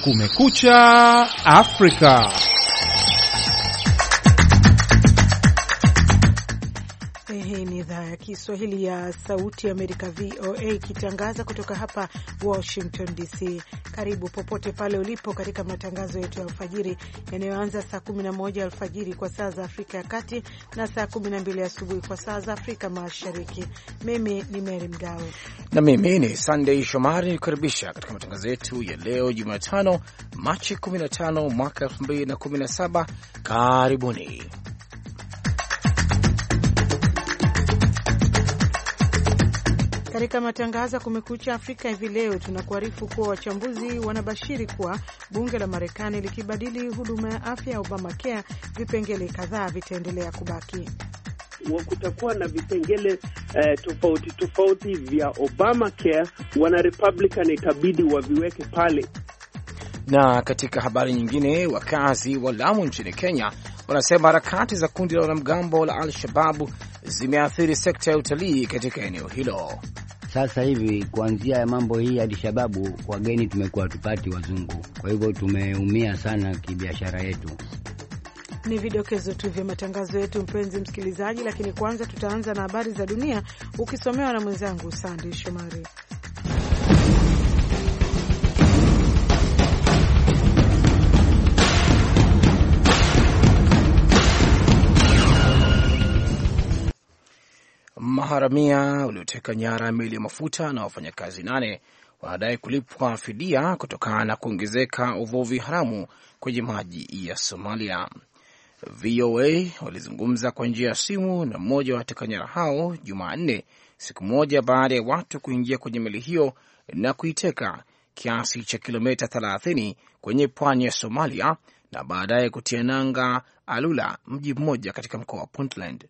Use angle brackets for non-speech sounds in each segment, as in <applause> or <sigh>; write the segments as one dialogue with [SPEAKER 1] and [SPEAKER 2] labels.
[SPEAKER 1] Kumekucha Afrika.
[SPEAKER 2] ya Kiswahili ya Sauti ya Amerika, VOA, ikitangaza kutoka hapa Washington DC. Karibu popote pale ulipo katika matangazo yetu ya alfajiri yanayoanza saa 11 alfajiri kwa saa za Afrika ya Kati na saa 12 asubuhi kwa saa za Afrika Mashariki. Mimi ni Mary Mgawe
[SPEAKER 3] na mimi ni sandey Shomari, nikukaribisha katika matangazo yetu ya leo Jumatano, Machi 15 mwaka 2017. Karibuni.
[SPEAKER 2] Katika matangazo ya Kumekucha Afrika hivi leo, tunakuarifu kuwa wachambuzi wanabashiri kuwa bunge la Marekani likibadili huduma ya afya ya Obamacare, vipengele kadhaa vitaendelea kubaki.
[SPEAKER 4] Kutakuwa na vipengele eh, tofauti tofauti vya Obamacare, wana Republican itabidi waviweke pale.
[SPEAKER 3] Na katika habari nyingine, wakazi wa Lamu nchini Kenya wanasema harakati za kundi la wanamgambo la Al-Shababu zimeathiri sekta ya utalii katika eneo hilo.
[SPEAKER 5] Sasa hivi kuanzia ya mambo hii hadi shababu, wageni tumekuwa tupati wazungu, kwa hivyo tumeumia sana kibiashara yetu.
[SPEAKER 2] Ni vidokezo tu vya matangazo yetu, mpenzi msikilizaji, lakini kwanza tutaanza na habari za dunia ukisomewa na mwenzangu Sandey Shomari.
[SPEAKER 3] maharamia ulioteka nyara meli ya mafuta na wafanyakazi nane wanadai kulipwa fidia kutokana na kuongezeka uvuvi haramu kwenye maji ya Somalia. VOA walizungumza kwa njia ya simu na mmoja wa wateka nyara hao Jumanne, siku moja baada ya watu kuingia kwenye meli hiyo na kuiteka kiasi cha kilomita 30 kwenye pwani ya Somalia na baadaye kutia nanga Alula, mji mmoja katika mkoa wa Puntland.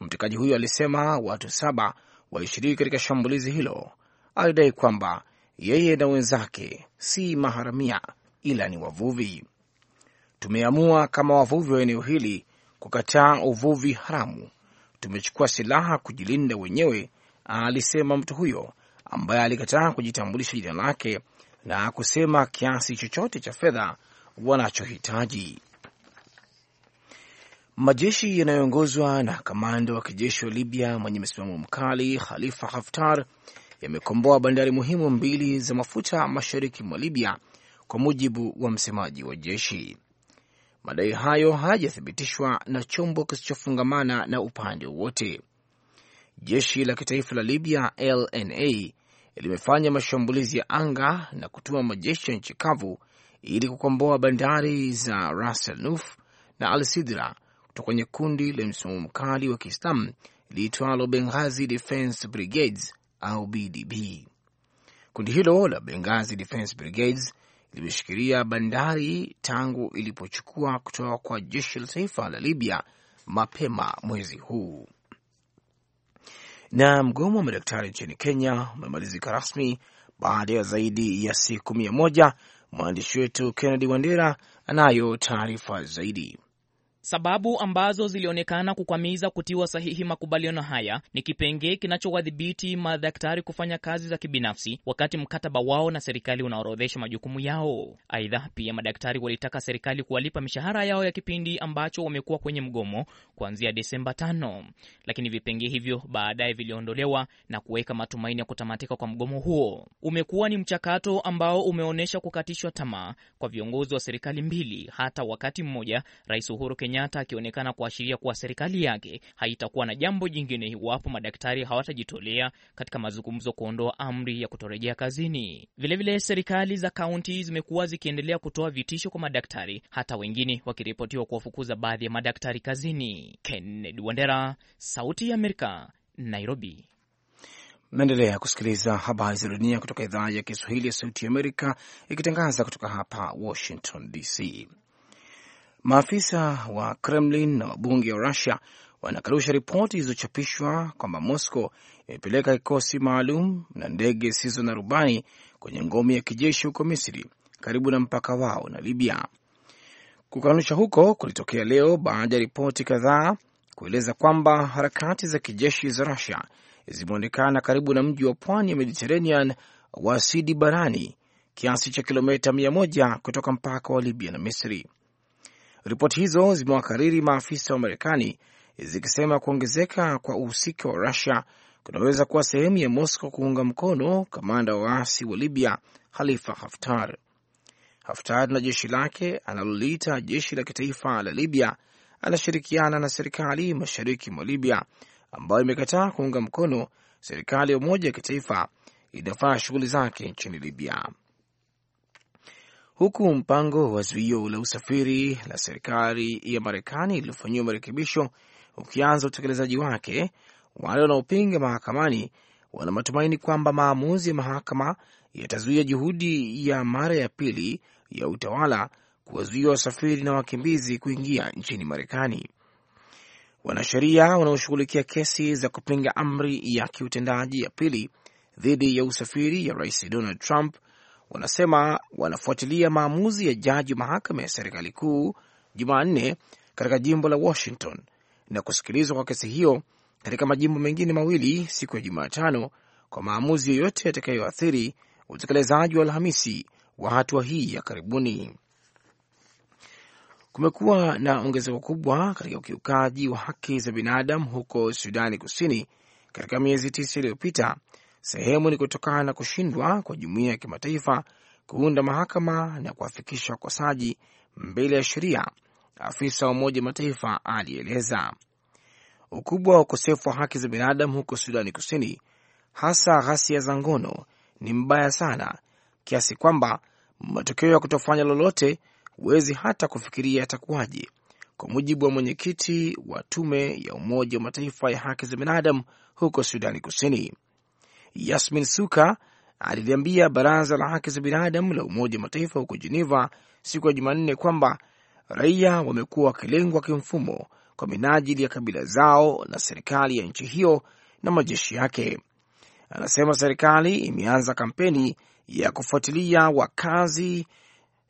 [SPEAKER 3] Mtekaji huyo alisema watu saba walishiriki katika shambulizi hilo. Alidai kwamba yeye na wenzake si maharamia ila ni wavuvi. Tumeamua kama wavuvi wa eneo hili kukataa uvuvi haramu, tumechukua silaha kujilinda wenyewe, alisema mtu huyo ambaye alikataa kujitambulisha jina lake na kusema kiasi chochote cha fedha wanachohitaji. Majeshi yanayoongozwa na kamanda wa kijeshi wa Libya mwenye msimamo mkali Khalifa Haftar yamekomboa bandari muhimu mbili za mafuta mashariki mwa Libya, kwa mujibu wa msemaji wa jeshi. Madai hayo hayajathibitishwa na chombo kisichofungamana na upande wowote. Jeshi la kitaifa la Libya LNA limefanya mashambulizi ya anga na kutuma majeshi ya nchi kavu ili kukomboa bandari za Ras Al Nuf na Al Sidra kutoka kwenye kundi la msimamo mkali wa Kiislamu liitwalo Benghazi Defense Brigades au BDB. Kundi hilo la Benghazi Defense Brigades limeshikilia bandari tangu ilipochukua kutoka kwa jeshi la taifa la Libya mapema mwezi huu. Na mgomo wa madaktari nchini Kenya umemalizika rasmi baada ya zaidi ya siku mia moja. Mwandishi wetu Kennedy Wandera anayo taarifa zaidi.
[SPEAKER 1] Sababu ambazo zilionekana kukwamiza kutiwa sahihi makubaliano haya ni kipengee kinachowadhibiti madaktari kufanya kazi za kibinafsi, wakati mkataba wao na serikali unaorodhesha majukumu yao. Aidha, pia madaktari walitaka serikali kuwalipa mishahara yao ya kipindi ambacho wamekuwa kwenye mgomo kuanzia Desemba tano, lakini vipengee hivyo baadaye viliondolewa na kuweka matumaini ya kutamatika kwa mgomo huo. Umekuwa ni mchakato ambao umeonyesha kukatishwa tamaa kwa viongozi wa serikali mbili. Hata wakati mmoja Rais Uhuru Kenyatta Kenyatta akionekana kuashiria kuwa serikali yake haitakuwa na jambo jingine iwapo madaktari hawatajitolea katika mazungumzo kuondoa amri ya kutorejea kazini. Vilevile vile serikali za kaunti zimekuwa zikiendelea kutoa vitisho kwa madaktari, hata wengine wakiripotiwa kuwafukuza baadhi ya madaktari kazini. Kennedy Wandera, Sauti ya Amerika, Nairobi.
[SPEAKER 3] Naendelea kusikiliza habari za dunia kutoka idhaa ya Kiswahili ya Sauti ya Amerika ikitangaza kutoka hapa Washington DC. Maafisa wa Kremlin na wabunge wa Rusia wanakarusha ripoti zilizochapishwa kwamba Moscow imepeleka kikosi maalum na ndege zisizo na rubani kwenye ngome ya kijeshi huko Misri, karibu na mpaka wao na Libya. Kukanusha huko kulitokea leo baada ya ripoti kadhaa kueleza kwamba harakati za kijeshi za Rusia zimeonekana karibu na mji wa pwani ya Mediterranean wa Sidi Barani, kiasi cha kilomita mia moja kutoka mpaka wa Libya na Misri. Ripoti hizo zimewakariri maafisa wa Marekani zikisema kuongezeka kwa uhusika wa Rusia kunaweza kuwa sehemu ya Moscow kuunga mkono kamanda wa waasi wa Libya Khalifa Haftar. Haftar na jeshi lake analoliita jeshi la kitaifa la Libya anashirikiana na serikali mashariki mwa Libya ambayo imekataa kuunga mkono serikali ya umoja ya kitaifa inayofanya shughuli zake nchini Libya huku mpango wa zuio la usafiri la serikali ya Marekani iliyofanyiwa marekebisho ukianza utekelezaji wake. Wale wanaopinga mahakamani wana matumaini kwamba maamuzi ya mahakama yatazuia juhudi ya mara ya pili ya utawala kuwazuia wasafiri na wakimbizi kuingia nchini Marekani. Wanasheria wanaoshughulikia kesi za kupinga amri ya kiutendaji ya pili dhidi ya usafiri ya Rais Donald Trump wanasema wanafuatilia maamuzi ya jaji mahakama ya serikali kuu Jumanne katika jimbo la Washington na kusikilizwa kwa kesi hiyo katika majimbo mengine mawili siku ya Jumatano kwa maamuzi yoyote yatakayoathiri utekelezaji wa Alhamisi wa hatua hii ya karibuni. Kumekuwa na ongezeko kubwa katika ukiukaji wa haki za binadamu huko Sudani Kusini katika miezi tisa iliyopita, Sehemu ni kutokana na kushindwa kwa jumuiya ya kimataifa kuunda mahakama na kuwafikisha wakosaji mbele ya sheria, afisa wa Umoja Mataifa alieleza. Ukubwa wa ukosefu wa haki za binadamu huko Sudani Kusini, hasa ghasia za ngono, ni mbaya sana kiasi kwamba matokeo ya kutofanya lolote huwezi hata kufikiria yatakuwaje, kwa mujibu wa mwenyekiti wa tume ya Umoja wa Mataifa ya haki za binadamu huko Sudani Kusini. Yasmin Suka aliliambia baraza la haki za binadamu la Umoja wa Mataifa huko Geneva siku ya Jumanne kwamba raia wamekuwa wakilengwa kimfumo kwa minajili ya kabila zao na serikali ya nchi hiyo na majeshi yake. Anasema serikali imeanza kampeni ya kufuatilia wakazi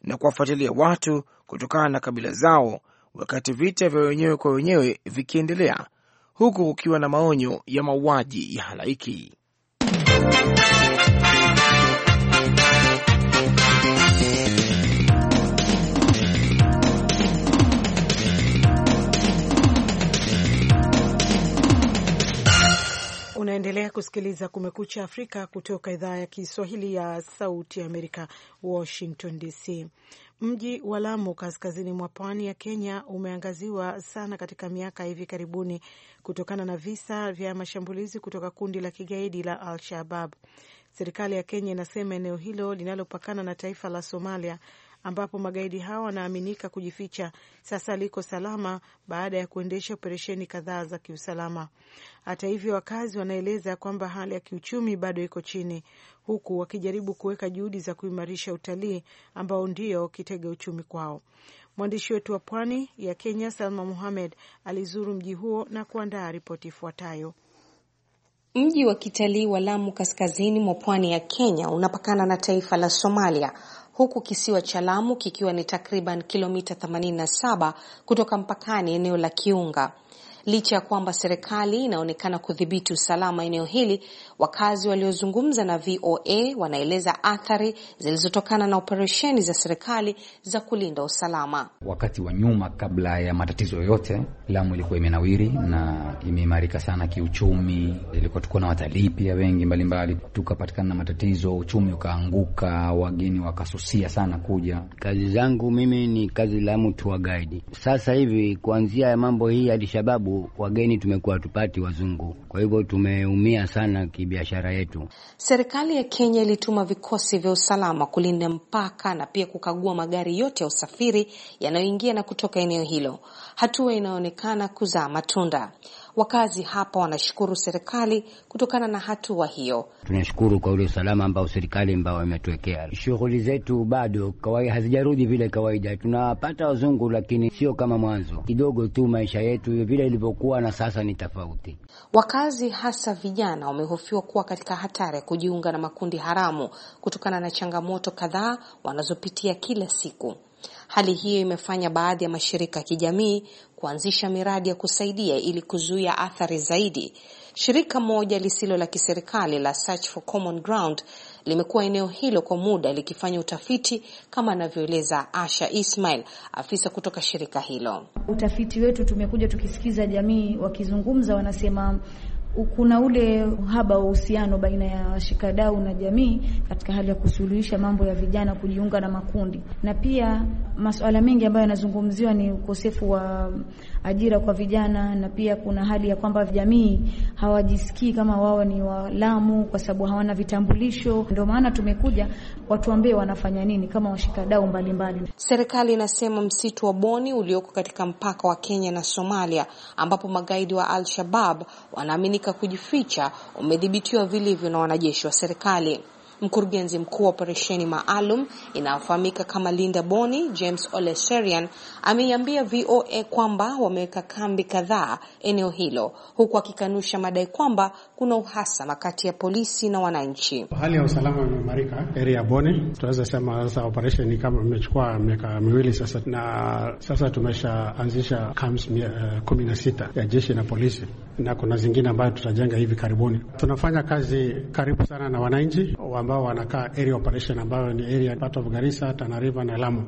[SPEAKER 3] na kuwafuatilia watu kutokana na kabila zao, wakati vita vya wenyewe kwa wenyewe vikiendelea, huku kukiwa na maonyo ya mauaji ya halaiki.
[SPEAKER 2] Unaendelea kusikiliza Kumekucha Afrika kutoka idhaa ya Kiswahili ya Sauti ya Amerika, Washington DC. Mji wa Lamu kaskazini mwa pwani ya Kenya umeangaziwa sana katika miaka hivi karibuni kutokana na visa vya mashambulizi kutoka kundi la kigaidi la Al Shabab. Serikali ya Kenya inasema eneo hilo linalopakana na taifa la Somalia ambapo magaidi hao wanaaminika kujificha sasa liko salama baada ya kuendesha operesheni kadhaa za kiusalama. Hata hivyo, wakazi wanaeleza kwamba hali ya kiuchumi bado iko chini, huku wakijaribu kuweka juhudi za kuimarisha utalii ambao ndio kitega uchumi kwao. Mwandishi wetu wa pwani ya Kenya Salma Muhamed alizuru mji huo na kuandaa
[SPEAKER 6] ripoti ifuatayo. Mji wa kitalii wa Lamu kaskazini mwa pwani ya Kenya unapakana na taifa la Somalia huku kisiwa cha Lamu kikiwa ni takriban kilomita 87 kutoka mpakani eneo la Kiunga. Licha ya kwamba serikali inaonekana kudhibiti usalama eneo hili, wakazi waliozungumza na VOA wanaeleza athari zilizotokana na operesheni za serikali za kulinda usalama.
[SPEAKER 5] Wakati wa nyuma, kabla ya matatizo yote, Lamu ilikuwa imenawiri na imeimarika sana kiuchumi. Ilikuwa tuko na watalii pia wengi mbalimbali, tukapatikana na matatizo, uchumi ukaanguka, wageni wakasusia sana kuja. Kazi zangu mimi ni kazi Lamu tour guide. Sasa hivi kuanzia ya mambo hii hadi shababu wageni tumekuwa tupati wazungu, kwa hivyo tumeumia sana kibiashara yetu.
[SPEAKER 6] Serikali ya Kenya ilituma vikosi vya usalama kulinda mpaka na pia kukagua magari yote ya usafiri yanayoingia na kutoka eneo hilo hatua inayoonekana kuzaa matunda. Wakazi hapa wanashukuru serikali kutokana na hatua hiyo.
[SPEAKER 5] Tunashukuru kwa ule usalama ambao serikali ambao imetuwekea. Shughuli zetu bado kawaida hazijarudi vile kawaida, tunapata wazungu lakini sio kama mwanzo, kidogo tu. Maisha yetu vile ilivyokuwa na sasa ni tofauti.
[SPEAKER 6] Wakazi hasa vijana wamehofiwa kuwa katika hatari ya kujiunga na makundi haramu kutokana na changamoto kadhaa wanazopitia kila siku. Hali hiyo imefanya baadhi ya mashirika ya kijamii kuanzisha miradi ya kusaidia ili kuzuia athari zaidi. Shirika moja lisilo la kiserikali la Search for Common Ground limekuwa eneo hilo kwa muda likifanya utafiti, kama anavyoeleza Asha Ismail, afisa kutoka shirika hilo.
[SPEAKER 2] Utafiti wetu tumekuja tukisikiza jamii wakizungumza, wanasema kuna ule uhaba wa uhusiano baina ya washikadau na jamii katika hali ya kusuluhisha mambo ya vijana kujiunga na makundi, na pia masuala mengi ambayo yanazungumziwa ni ukosefu wa ajira kwa vijana, na pia kuna hali ya kwamba jamii hawajisikii kama wao ni Walamu kwa sababu hawana vitambulisho. Ndio maana tumekuja watuambie wanafanya nini kama washikadau mbalimbali.
[SPEAKER 6] Serikali inasema msitu wa Boni ulioko katika mpaka wa Kenya na Somalia, ambapo magaidi wa Al-Shabab wanaamini kujificha umedhibitiwa vilivyo na wanajeshi wa serikali. Mkurugenzi mkuu wa operesheni maalum inayofahamika kama Linda Boni, James Oleserian, ameiambia VOA kwamba wameweka kambi kadhaa eneo hilo, huku akikanusha madai kwamba kuna uhasama kati ya polisi na wananchi.
[SPEAKER 4] Hali ya usalama imeimarika area ya Boni, tunaweza sema sasa operesheni kama imechukua miaka miwili sasa, na sasa tumeshaanzisha camps eh, kumi na sita ya jeshi na polisi, na kuna zingine ambayo tutajenga hivi karibuni. Tunafanya kazi karibu sana na wananchi wa ambao wanakaa area operation ambayo ni area part of Garissa, Tana River na Lamu.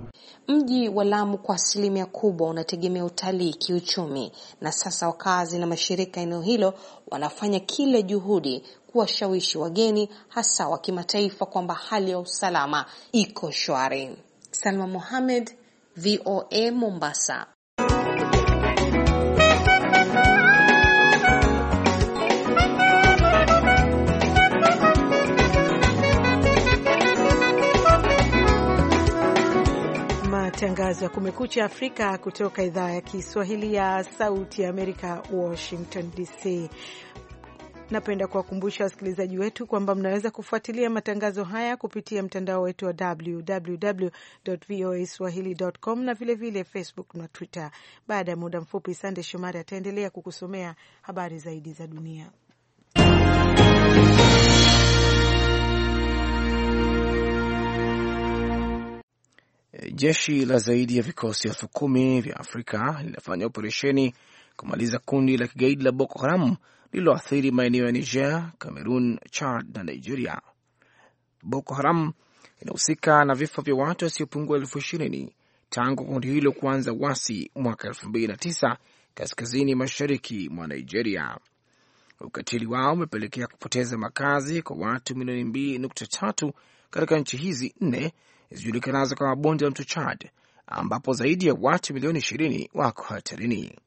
[SPEAKER 6] Mji wa Lamu kwa asilimia kubwa unategemea utalii kiuchumi, na sasa wakazi na mashirika eneo hilo wanafanya kila juhudi kuwashawishi wageni hasa wa kimataifa kwamba hali ya usalama iko shwari. Salma Mohamed, VOA Mombasa.
[SPEAKER 2] matangazo ya Kumekucha Afrika kutoka idhaa ya Kiswahili ya Sauti ya Amerika, Washington DC. Napenda kuwakumbusha wasikilizaji wetu kwamba mnaweza kufuatilia matangazo haya kupitia mtandao wetu wa www voa swahili.com na vilevile vile Facebook na Twitter. Baada ya muda mfupi, Sande Shomari ataendelea kukusomea habari zaidi za dunia.
[SPEAKER 3] jeshi la zaidi ya vikosi elfu kumi vya Afrika linafanya operesheni kumaliza kundi la kigaidi la Boko Haram lililoathiri maeneo ya Niger, Cameroon, Chad na Nigeria. Boko Haram inahusika na vifo vya watu wasiopungua elfu ishirini tangu kundi hilo kuanza wasi mwaka elfu mbili na tisa kaskazini mashariki mwa Nigeria. Ukatili wao umepelekea kupoteza makazi kwa watu milioni mbili nukta tatu katika nchi hizi nne zijulikanazo kama bonde la mto Chad, ambapo zaidi ya watu milioni ishirini wako hatarini.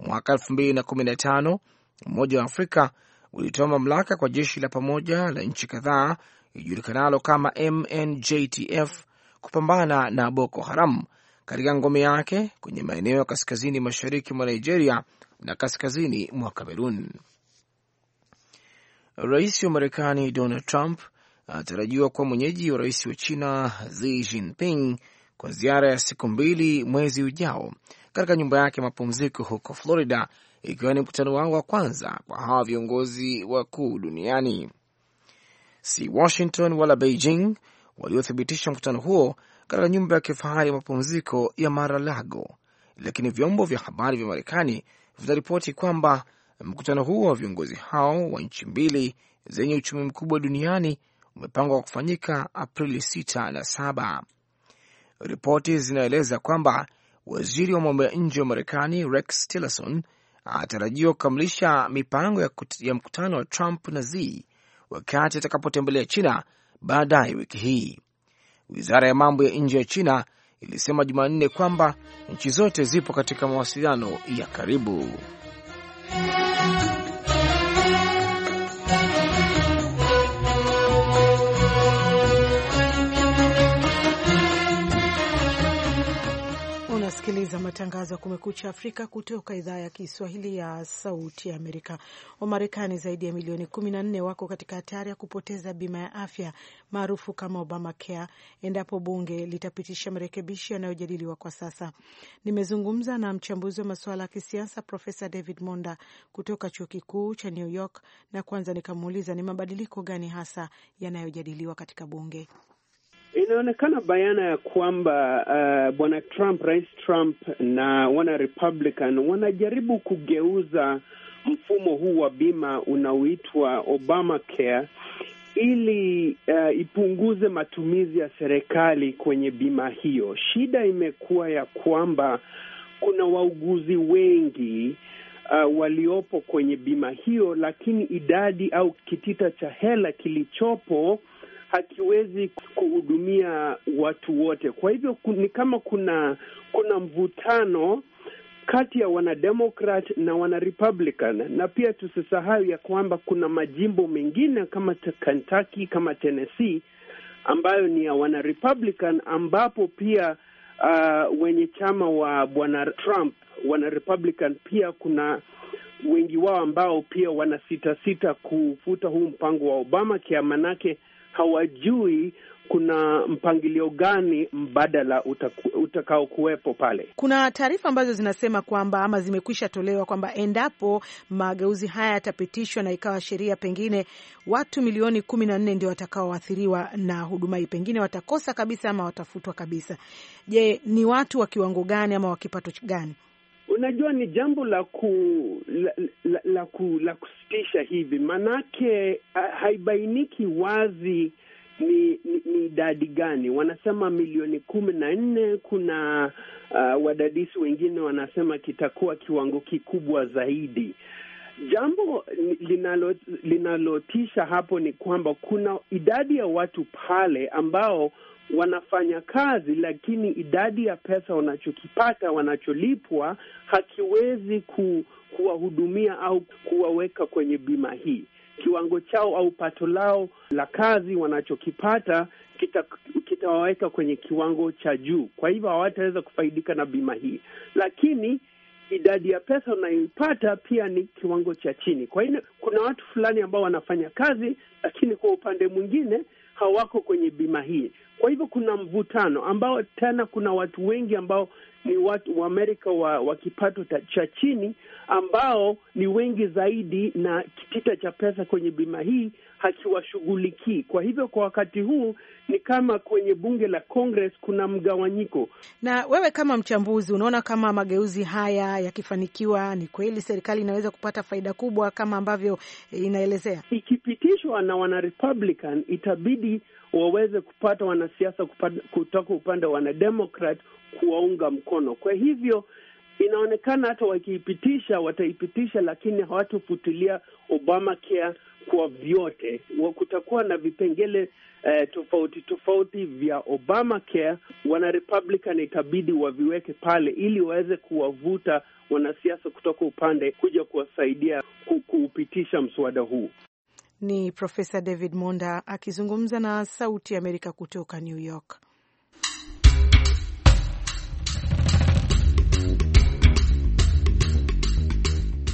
[SPEAKER 3] Mwaka elfu mbili na kumi na tano Umoja wa Afrika ulitoa mamlaka kwa jeshi la pamoja la nchi kadhaa ijulikanalo kama MNJTF kupambana na Boko Haram katika ngome yake kwenye maeneo ya kaskazini mashariki mwa Nigeria na kaskazini mwa Kamerun. Rais wa Marekani Donald Trump anatarajiwa kuwa mwenyeji wa rais wa China Xi Jinping kwa ziara ya siku mbili mwezi ujao katika nyumba yake mapumziko huko Florida, ikiwa ni mkutano wao wa kwanza kwa hawa viongozi wakuu duniani. Si Washington wala Beijing waliothibitisha mkutano huo katika nyumba ya kifahari ya mapumziko ya maralago lago lakini vyombo vya habari vya Marekani vinaripoti kwamba mkutano huo wa viongozi hao wa nchi mbili zenye uchumi mkubwa duniani umepangwa kufanyika Aprili 6 na 7. Ripoti zinaeleza kwamba waziri wa mambo ya nje wa Marekani Rex Tillerson anatarajiwa kukamilisha mipango ya, ya mkutano wa Trump na Xi wakati atakapotembelea China baadaye wiki hii. Wizara ya mambo ya nje ya China ilisema Jumanne kwamba nchi zote zipo katika mawasiliano ya karibu.
[SPEAKER 2] za matangazo ya Kumekucha Afrika kutoka idhaa ya Kiswahili ya Sauti ya Amerika. Wamarekani zaidi ya milioni 14 wako katika hatari ya kupoteza bima ya afya maarufu kama Obamacare endapo bunge litapitisha marekebisho yanayojadiliwa kwa sasa. Nimezungumza na mchambuzi wa masuala ya kisiasa Profesa David Monda kutoka chuo kikuu cha New York, na kwanza nikamuuliza ni mabadiliko gani hasa yanayojadiliwa katika bunge.
[SPEAKER 4] Inaonekana bayana ya kwamba uh, bwana Trump, rais Trump na wana Republican wanajaribu kugeuza mfumo huu wa bima unaoitwa Obamacare ili uh, ipunguze matumizi ya serikali kwenye bima hiyo. Shida imekuwa ya kwamba kuna wauguzi wengi uh, waliopo kwenye bima hiyo, lakini idadi au kitita cha hela kilichopo hakiwezi kuhudumia watu wote. Kwa hivyo ni kama kuna kuna mvutano kati ya wanademokrat na wanarepublican, na pia tusisahau ya kwamba kuna majimbo mengine kama Kentucky, kama Tennessee ambayo ni ya wanarepublican, ambapo pia uh, wenye chama wa bwana Trump wanarepublican, pia kuna wengi wao ambao pia wanasitasita kufuta huu mpango wa Obama kia manake hawajui kuna mpangilio gani mbadala utakao kuwepo pale.
[SPEAKER 2] Kuna taarifa ambazo zinasema kwamba ama zimekwisha tolewa kwamba endapo mageuzi haya yatapitishwa na ikawa sheria, pengine watu milioni kumi na nne ndio watakaoathiriwa na huduma hii, pengine watakosa kabisa ama watafutwa kabisa. Je, ni watu wa kiwango gani ama wa kipato gani?
[SPEAKER 4] Unajua, ni jambo la ku la, la, la, ku, la kusitisha hivi, maanake haibainiki wazi ni ni idadi gani. Wanasema milioni kumi na nne. Kuna uh, wadadisi wengine wanasema kitakuwa kiwango kikubwa zaidi. Jambo linalo, linalotisha hapo ni kwamba kuna idadi ya watu pale ambao wanafanya kazi, lakini idadi ya pesa wanachokipata, wanacholipwa hakiwezi ku, kuwahudumia au kuwaweka kwenye bima hii. Kiwango chao au pato lao la kazi wanachokipata kitawaweka kita kwenye kiwango cha juu, kwa hivyo hawataweza kufaidika na bima hii, lakini idadi ya pesa unayoipata pia ni kiwango cha chini. Kwa hiyo kuna watu fulani ambao wanafanya kazi, lakini kwa upande mwingine hawako kwenye bima hii. Kwa hivyo kuna mvutano ambao tena, kuna watu wengi ambao ni watu wa Amerika wa, wa kipato cha chini ambao ni wengi zaidi na kitita cha pesa kwenye bima hii hakiwashughulikii. Kwa hivyo kwa wakati huu ni kama kwenye bunge la Congress kuna mgawanyiko.
[SPEAKER 2] Na wewe kama mchambuzi, unaona kama mageuzi haya yakifanikiwa, ni kweli serikali inaweza kupata faida kubwa kama ambavyo eh, inaelezea?
[SPEAKER 4] Ikipitishwa na wana Republican, itabidi waweze kupata wanasiasa kutoka upande wa wanademokrat kuwaunga mkono. Kwa hivyo inaonekana hata wakiipitisha wataipitisha, lakini hawatofutilia care kwa vyote. Kutakuwa na vipengele eh, tofauti tofauti vya obama Wana Republican itabidi waviweke pale ili waweze kuwavuta wanasiasa kutoka upande kuja kuwasaidia kuupitisha mswada huu.
[SPEAKER 2] Ni Profesa David Monda akizungumza na Sauti ya Amerika kutoka New York.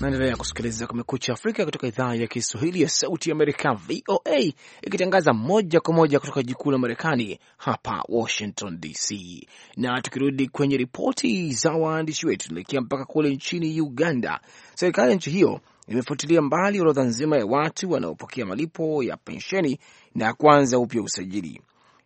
[SPEAKER 5] Naendelea kusikiliza Kumekucha
[SPEAKER 3] Afrika kutoka idhaa ya Kiswahili ya Sauti ya Amerika, VOA, ikitangaza moja kwa moja kutoka jiji kuu la Marekani, hapa Washington DC. Na tukirudi kwenye ripoti za waandishi wetu, tunaelekea mpaka kule nchini Uganda. Serikali ya nchi hiyo imefutilia mbali orodha nzima ya watu wanaopokea malipo ya pensheni na kuanza upya usajili.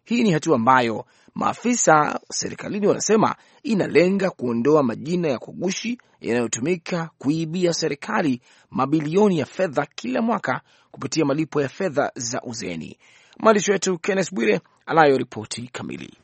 [SPEAKER 3] Hii ni hatua ambayo Maafisa serikalini wanasema inalenga kuondoa majina ya kugushi yanayotumika kuibia serikali mabilioni ya fedha kila mwaka kupitia malipo ya fedha za uzeni Mwandishi wetu Kenneth Bwire anayo ripoti kamili.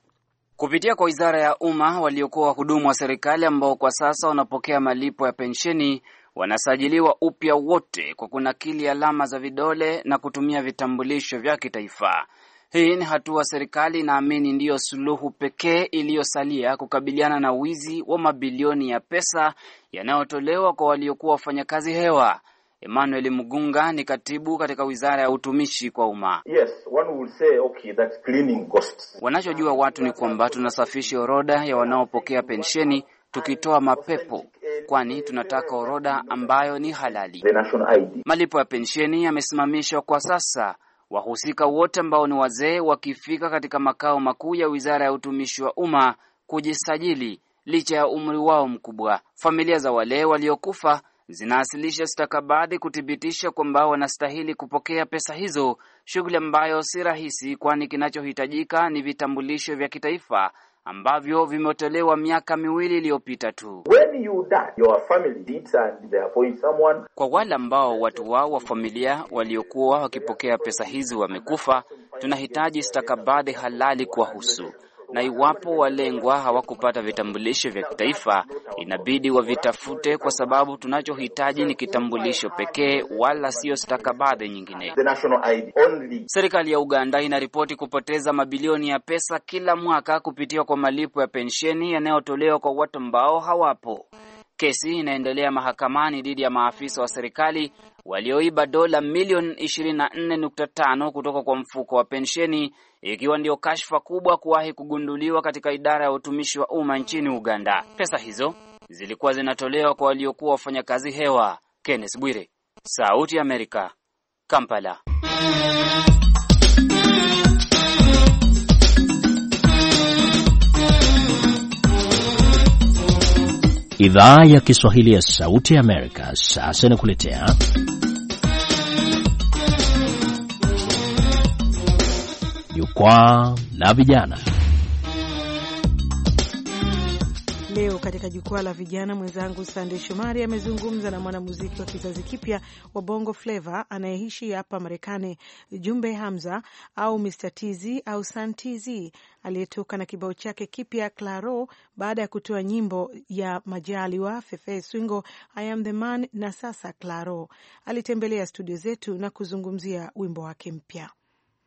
[SPEAKER 5] Kupitia kwa wizara ya umma, waliokuwa wahudumu wa serikali ambao kwa sasa wanapokea malipo ya pensheni wanasajiliwa upya wote kwa kunakili alama za vidole na kutumia vitambulisho vya kitaifa. Hii ni hatua serikali inaamini ndiyo suluhu pekee iliyosalia kukabiliana na wizi wa mabilioni ya pesa yanayotolewa kwa waliokuwa wafanyakazi hewa. Emmanuel Mugunga ni katibu katika Wizara ya Utumishi kwa Umma.
[SPEAKER 4] Yes, one will say, okay, cleaning
[SPEAKER 5] costs. Wanachojua watu ni kwamba tunasafisha orodha ya wanaopokea pensheni tukitoa mapepo kwani tunataka orodha ambayo ni halali. Malipo ya pensheni yamesimamishwa kwa sasa wahusika wote ambao ni wazee wakifika katika makao makuu ya Wizara ya Utumishi wa Umma kujisajili licha ya umri wao mkubwa. Familia za wale waliokufa zinawasilisha stakabadhi kuthibitisha kwamba wanastahili kupokea pesa hizo, shughuli ambayo si rahisi, kwani kinachohitajika ni vitambulisho vya kitaifa ambavyo vimetolewa miaka miwili iliyopita tu.
[SPEAKER 1] When you die, your family needs and they appoint someone. Kwa wale ambao
[SPEAKER 5] watu wao wa familia waliokuwa wakipokea pesa hizi wamekufa, tunahitaji stakabadhi halali kuwahusu na iwapo walengwa hawakupata vitambulisho vya kitaifa, inabidi wavitafute, kwa sababu tunachohitaji ni kitambulisho pekee, wala siyo stakabadhi nyingine. Serikali ya Uganda inaripoti kupoteza mabilioni ya pesa kila mwaka kupitia kwa malipo ya pensheni yanayotolewa kwa watu ambao hawapo. Kesi inaendelea mahakamani dhidi ya maafisa wa serikali walioiba dola milioni 24.5 kutoka kwa mfuko wa pensheni, ikiwa ndio kashfa kubwa kuwahi kugunduliwa katika idara ya utumishi wa umma nchini Uganda. Pesa hizo zilikuwa zinatolewa kwa waliokuwa wafanyakazi hewa. Kenneth Bwire, Sauti ya Amerika, Kampala.
[SPEAKER 1] Idhaa ya Kiswahili ya Sauti ya Amerika sasa inakuletea
[SPEAKER 7] Jukwaa la Vijana.
[SPEAKER 2] Leo katika jukwaa la vijana, mwenzangu Sande Shomari amezungumza na mwanamuziki wa kizazi kipya wa Bongo Flava anayeishi hapa Marekani, Jumbe Hamza au Mr tz au TZ, aliyetoka na kibao chake kipya Claro baada ya kutoa nyimbo ya Majaliwa, Fefe Swingo, I am the man na sasa Claro. Alitembelea studio zetu na kuzungumzia wimbo wake mpya.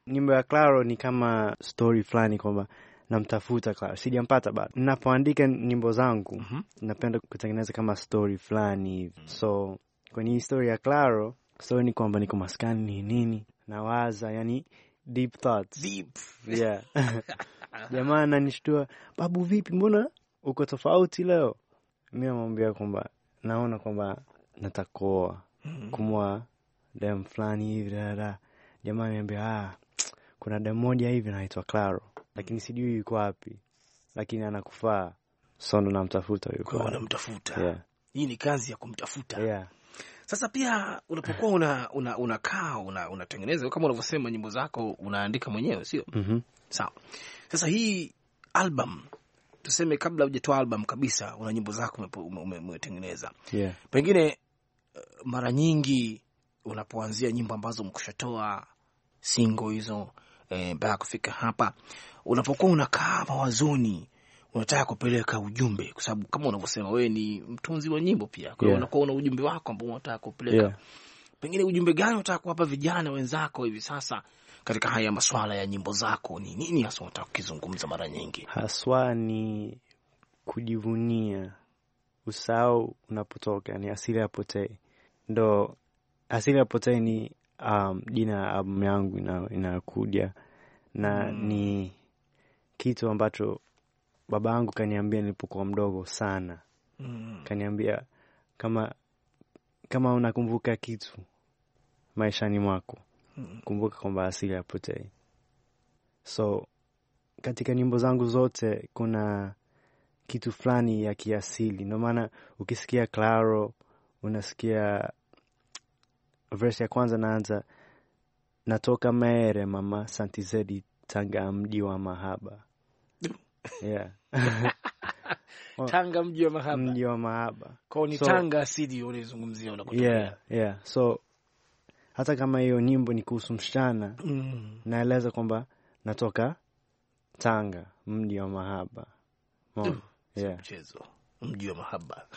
[SPEAKER 8] Nyimbo ya Claro ni kama stori fulani kwamba namtafuta Clara, sijampata bado. Napoandika nyimbo zangu mm -hmm. napenda kutengeneza kama story fulani hivi mm -hmm. so kwenye hii story ya Claro, story ni kwamba niko maskani, ni nini nawaza, yani deep thoughts deep. Yeah. <laughs> Jamaa ananishtua, babu, vipi, mbona uko tofauti leo? Mi namwambia kwamba naona kwamba natakoa mm. kumwa dem fulani hivi dada. Jamaa ameambia ah, kuna dem moja hivi naitwa Claro lakini sijui yuko wapi, lakini anakufaa. So ndo namtafuta yuko, namtafuta yeah. Hii ni kazi ya kumtafuta yeah.
[SPEAKER 3] Sasa pia unapokuwa unakaa una, una unatengeneza una kama unavyosema nyimbo zako unaandika mwenyewe sio? mm -hmm. Sawa. Sasa hii album tuseme, kabla hujatoa album kabisa, una nyimbo zako umetengeneza yeah. Pengine uh, mara nyingi unapoanzia nyimbo ambazo mkushatoa singo hizo mpaka eh, e, kufika hapa unapokuwa unakaa mawazoni unataka kupeleka ujumbe, kwa sababu kama unavyosema wewe ni mtunzi wa nyimbo pia, kwa hiyo unakuwa una ujumbe wako ambao unataka kupeleka yeah. Pengine ujumbe gani unataka kuwapa vijana wenzako hivi sasa katika haya maswala ya nyimbo zako? Ni nini hasa unataka kukizungumza? Mara nyingi
[SPEAKER 8] haswa ni kujivunia, usahau unapotoka, ni asili yapotee, ndo asili yapotee ni um, jina ya albamu yangu inayokuja na mm. ni kitu ambacho baba yangu kaniambia nilipokuwa mdogo sana mm. Kaniambia kama kama unakumbuka kitu maishani mwako mm. kumbuka kwamba asili yapotei. So katika nyimbo zangu zote kuna kitu fulani ya kiasili, ndio maana ukisikia Claro unasikia verse ya kwanza naanza natoka mere mama santizedi Tanga mji wa mahaba <laughs> yeah.
[SPEAKER 5] <laughs> Tanga
[SPEAKER 3] mji wa mahaba, mji wa mahaba kwa ni so, Tanga asili unaizungumzia unakotoka yeah,
[SPEAKER 8] yeah. So hata kama hiyo nyimbo ni kuhusu msichana mm, naeleza kwamba natoka Tanga mji wa mahaba mchezo yeah. mji wa mahaba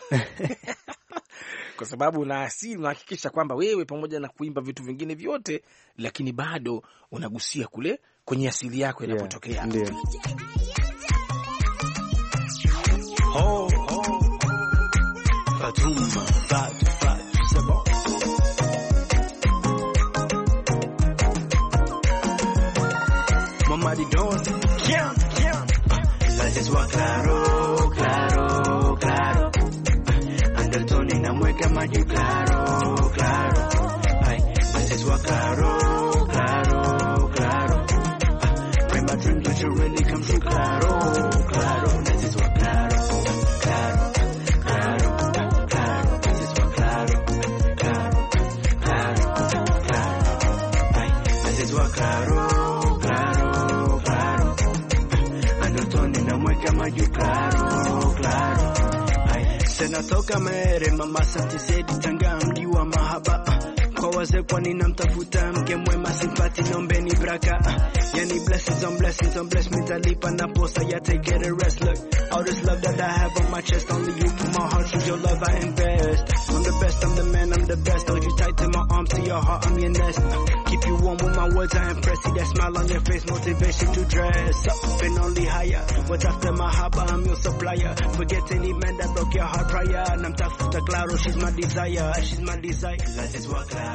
[SPEAKER 8] <laughs> kwa sababu una asili unahakikisha kwamba wewe
[SPEAKER 3] pamoja na kuimba vitu vingine vyote, lakini bado unagusia kule kwenye asili
[SPEAKER 7] yako inapotokea. Yeah. Oh, oh.
[SPEAKER 8] Fatuma, Fatuma.
[SPEAKER 7] Claro, claro, claro. Anderton inamweka maji claro. natoka mere mama, sante sedi tanga mdi wa mahaba Howaze kwani namtafuta mke mwema, simpati nombeni braka. Yani blessings on blessings on bless me, talipa na posa ya take get a rest. Look, all this love that I have on my chest, only you put my heart through your love, I invest. I'm the best, I'm the man, I'm the best. Hold you tight to my arms, to your heart, I'm your nest. Keep you warm with my words, I impress. See that smile on your face, motivation to dress up and only higher. What's after my haba, I'm your supplier. Forget any man that broke your heart prior. And I'm tough with the claro, she's my desire, she's my desire. Life is what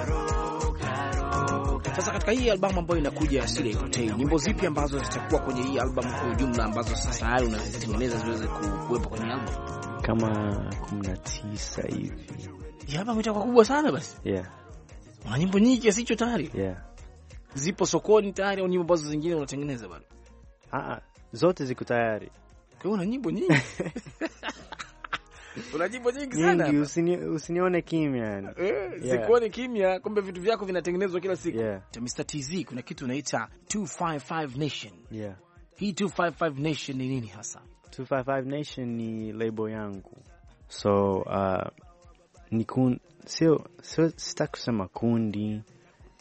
[SPEAKER 3] Sasa katika hii albamu ambayo inakuja asili haipotei, nyimbo zipi ambazo zitakuwa kwenye hii albamu kwa ujumla, ambazo sasa hali unazitengeneza ziweze kuwepo kwenye albamu
[SPEAKER 7] kama 19 hivi?
[SPEAKER 3] Hapa itakuwa kubwa sana basi, yeah. Una nyimbo nyingi kiasi hicho tayari, yeah. zipo sokoni tayari, au nyimbo ambazo zingine unatengeneza
[SPEAKER 8] bado? Ah, ah zote ziko tayari, kwa
[SPEAKER 3] hiyo una nyimbo nyingi <laughs> <laughs> una jimbo nyingi sana. Usini,
[SPEAKER 8] usinione kimya eh, yeah. Sikuone
[SPEAKER 3] kimya, kumbe vitu vyako vinatengenezwa kila siku yeah. Mr TZ, kuna kitu unaita 255 Nation
[SPEAKER 8] yeah. Hii 255 Nation ni nini hasa? 255 Nation ni label yangu so uh, ni kun, sio, sio sitaki kusema kundi,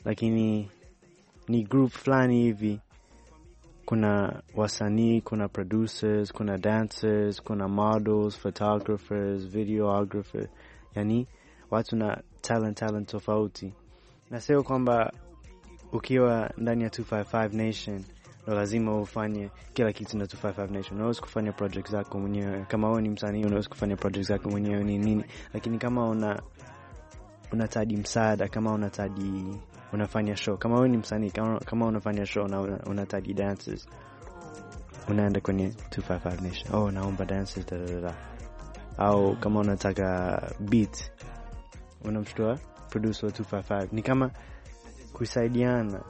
[SPEAKER 8] lakini ni group fulani hivi kuna wasanii, kuna producers, kuna dancers, kuna models, photographers, videographer yani watu na talent talent tofauti, na sio kwamba ukiwa ndani ya 255 Nation ndo lazima ufanye kila kitu na 255 Nation. Unaweza kufanya project zako mwenyewe, kama wewe ni msanii unaweza kufanya project zako mwenyewe ni nini, lakini kama una unahitaji msaada, kama unahitaji unafanya show kama wewe ni msanii kama, kama unafanya show na unatagi dances unaenda kwenye 255 Nation, oh, naomba dances da, da, da. Au kama unataka beat unamshtua producer wa 255. Ni kama kusaidiana.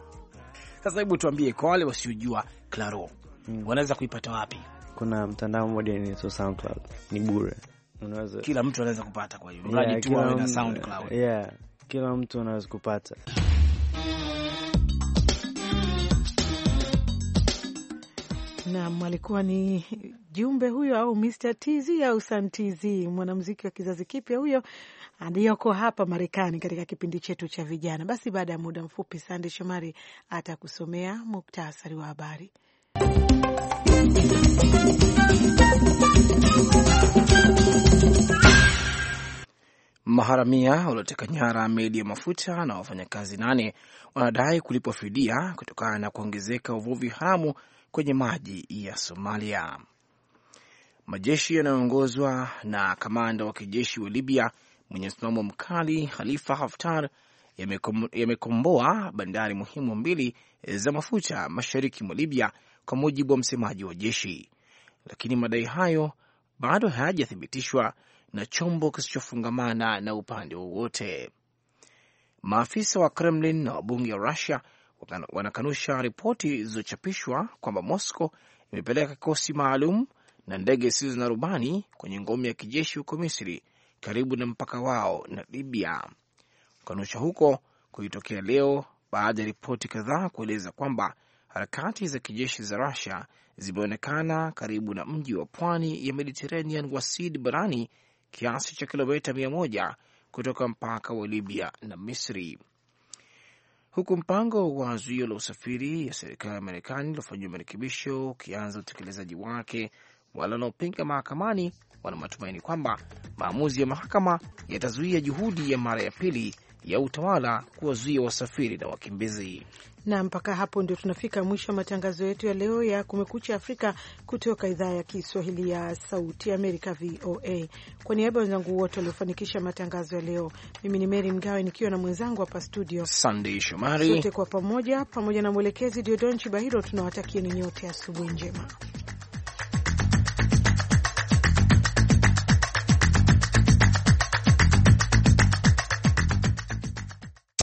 [SPEAKER 3] Sasa hebu tuambie kwa wale wasiojua
[SPEAKER 8] Claro, mm. wanaweza kuipata wapi? Kuna mtandao mmoja ni so SoundCloud, ni bure, unaweza kila mtu
[SPEAKER 3] anaweza kupata, kwa hiyo mradi tu awe na SoundCloud. Yeah,
[SPEAKER 8] kila mtu anaweza kupata
[SPEAKER 2] Nam alikuwa ni jumbe huyo au Mr TZ au TZ, mwanamuziki wa kizazi kipya huyo aliyoko hapa Marekani katika kipindi chetu cha vijana. Basi baada ya muda mfupi, Sande Shomari atakusomea muktasari wa habari.
[SPEAKER 3] Maharamia walioteka nyara meli ya mafuta na wafanyakazi nane wanadai kulipwa fidia kutokana na kuongezeka uvuvi haramu kwenye maji ya Somalia. Majeshi yanayoongozwa na kamanda wa kijeshi wa Libya mwenye msimamo mkali Khalifa Haftar yamekomboa bandari muhimu mbili za mafuta mashariki mwa Libya, kwa mujibu wa msemaji wa jeshi, lakini madai hayo bado hayajathibitishwa na chombo kisichofungamana na upande wowote. Maafisa wa Kremlin na wabunge wa Rusia wanakanusha ripoti zilizochapishwa kwamba Mosco imepeleka kikosi maalum na ndege zisizo na rubani kwenye ngome ya kijeshi huko Misri, karibu na mpaka wao na Libya. Kukanusha huko kulitokea leo baada ya ripoti kadhaa kueleza kwamba harakati za kijeshi za Rusia zimeonekana karibu na mji wa pwani ya Mediterranean wa Sidi barani kiasi cha kilomita mia moja kutoka mpaka wa Libya na Misri, huku mpango wa zuio la usafiri ya serikali ya Marekani uliofanyiwa marekebisho ukianza utekelezaji wake. Wale wanaopinga mahakamani wana matumaini kwamba maamuzi ya mahakama yatazuia juhudi ya mara ya pili ya utawala kuwazuia wasafiri na wakimbizi.
[SPEAKER 2] Na mpaka hapo ndio tunafika mwisho wa matangazo yetu ya leo ya Kumekucha Afrika kutoka idhaa ya Kiswahili ya Sauti ya Amerika, VOA. Kwa niaba ya wenzangu wote waliofanikisha matangazo ya leo, mimi ni Meri Mgawe nikiwa na mwenzangu hapa studio
[SPEAKER 3] Sandey Shomari, sote kwa
[SPEAKER 2] pamoja pamoja na mwelekezi Diodonchi Bahiro, tunawatakieni nyote asubuhi njema.